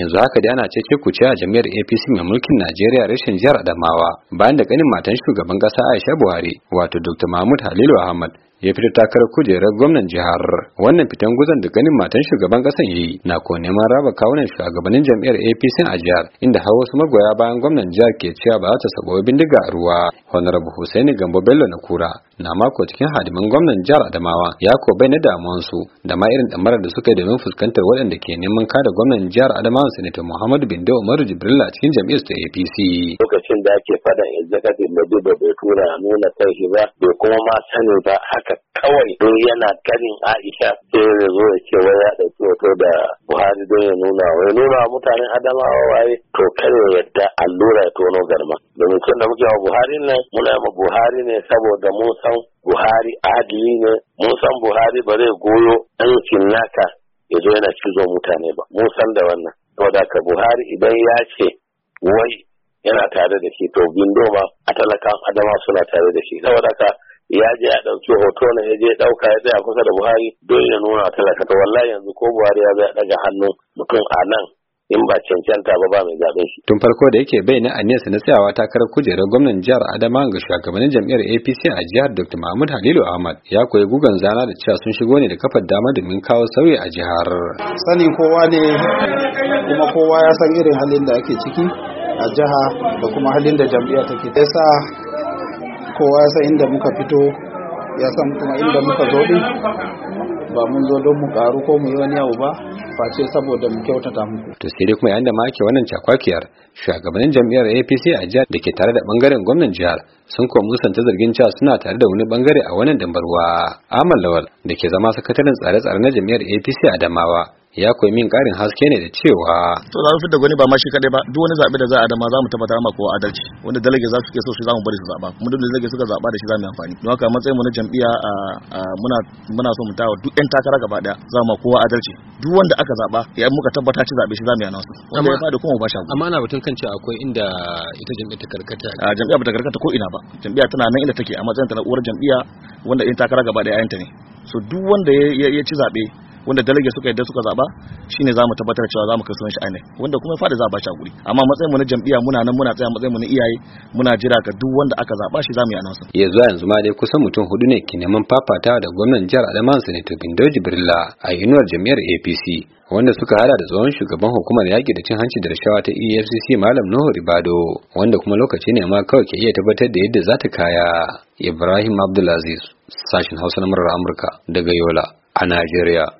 yanzu haka dai ana cece ku ce a jami'ar APC mai mulkin Najeriya rashin jihar Adamawa bayan da kanin matan shugaban kasa Aisha Buhari wato Dr. Mahmud Halilu Ahmad ya fitar takarar kujerar gwamnan jihar wannan fitan guzan da ganin matan shugaban kasan yi na ko neman raba kawunan shugabannin jami'ar apc a jihar inda har wasu magoya bayan gwamnan jihar ke cewa ba za ta sabo bindiga a ruwa honorable husaini gambo bello na kura na mako cikin hadimin gwamnan jihar Adamawa ya ko bai na damuwansu da ma irin damarar da suka yi domin fuskantar waɗanda ke neman kada gwamnan jihar Adamawa Sanata Muhammadu Bindo Umaru Jibrilla cikin jam'iyyar ta APC. Lokacin da ake fada executive Madiba bai tura nuna kai ba bai kuma ma sani ba haka kawai don yana kanin Aisha sai ya zo ya ce wai ya ɗauki hoto da buhari don ya nuna wa ya nuna mutanen adamawa waye to kar ya yadda allura ya tono garma domin tun da muke wa buhari ne muna ma buhari ne saboda mun san buhari adili ne mun san buhari ba zai goyo ɗan naka, ya zo yana cizo mutane ba mun san da wannan saboda ka buhari idan ya ce wai yana tare da shi to bindo ma a talakan adama suna tare da shi saboda ka ya je ya ɗauki hoto na ya je ɗauka ya tsaya kusa da buhari don ya nuna talaka to wallahi yanzu ko buhari ya zai ɗaga hannu mutum a nan in ba cancanta ba ba mai zaɓen shi. Tun farko da yake bayyana aniyarsa na tsayawa takarar kujerar gwamnan jihar Adama ga shugabannin jam'iyyar APC a jihar Dr. Mahmud Halilu Ahmad ya koyi gugan zana da cewa sun shigo ne da kafar dama domin kawo sauyi a jihar. Sani kowa ne kuma kowa ya san irin halin da ake ciki a jiha da kuma halin da jam'iyyar take. Yasa kowa ya san inda muka fito ya san kuma inda muka zo din ba mun zo don mu karu ko mu yi wani abu ba face saboda mu kyautata muku to sai dai kuma yayin da make wannan cakwakiyar shugabannin jam'iyyar APC a jihar da ke tare da bangaren gwamnan jihar sun kuma musanta zargin cewa suna tare da wani bangare a wannan dambarwa Amal Lawal da ke zama sakataren tsare-tsare na Jami'ar APC a Damawa ya koyi min karin haske ne da cewa to za mu fitar gwani ba ma shi kadai ba duk wani zabi da za a da ma za mu tabbatar ma kowa adalci wanda dalage za su ke so su za mu bari su zaba kuma duk dalage suka zaba da shi za mu amfani don haka matsayin mu na jam'iyya muna muna so mu tawo duk yan takara gaba daya za mu kowa adalci duk wanda aka zaba ya muka tabbata ci zabe shi za mu yana su amma ya fada kuma ba shi amma na batun kan cewa akwai inda ita jam'iyyar ta karkata a jam'iyya ta karkata ko ina ba jam'iyya tana nan inda take a matsayin ta na uwar jam'iyya wanda yan takara gaba daya ayanta ne so duk wanda ya ci zabe wanda dalage suka yadda suka zaba shine zamu tabbatar cewa zamu kai sunan shi ainihin wanda kuma ya fada za a guri amma matsayin mu na jam'iyya muna nan muna tsaya matsayin mu na iyaye muna jira ga duk wanda aka zaba shi zamu yi anansa yanzu yanzu ma dai kusan mutum hudu ne ke neman fafatawa da gwamnan jihar Adamawa Sanato Bindo Jibrilla a inuwar jam'iyyar APC wanda suka hada da tsohon shugaban hukumar yaƙi da cin hanci da rashawa ta EFCC Malam Nuhu Ribado wanda kuma lokaci ne ma kawai ke iya tabbatar da yadda za ta kaya Ibrahim Abdulaziz sashin Hausa na Amurka daga Yola a Najeriya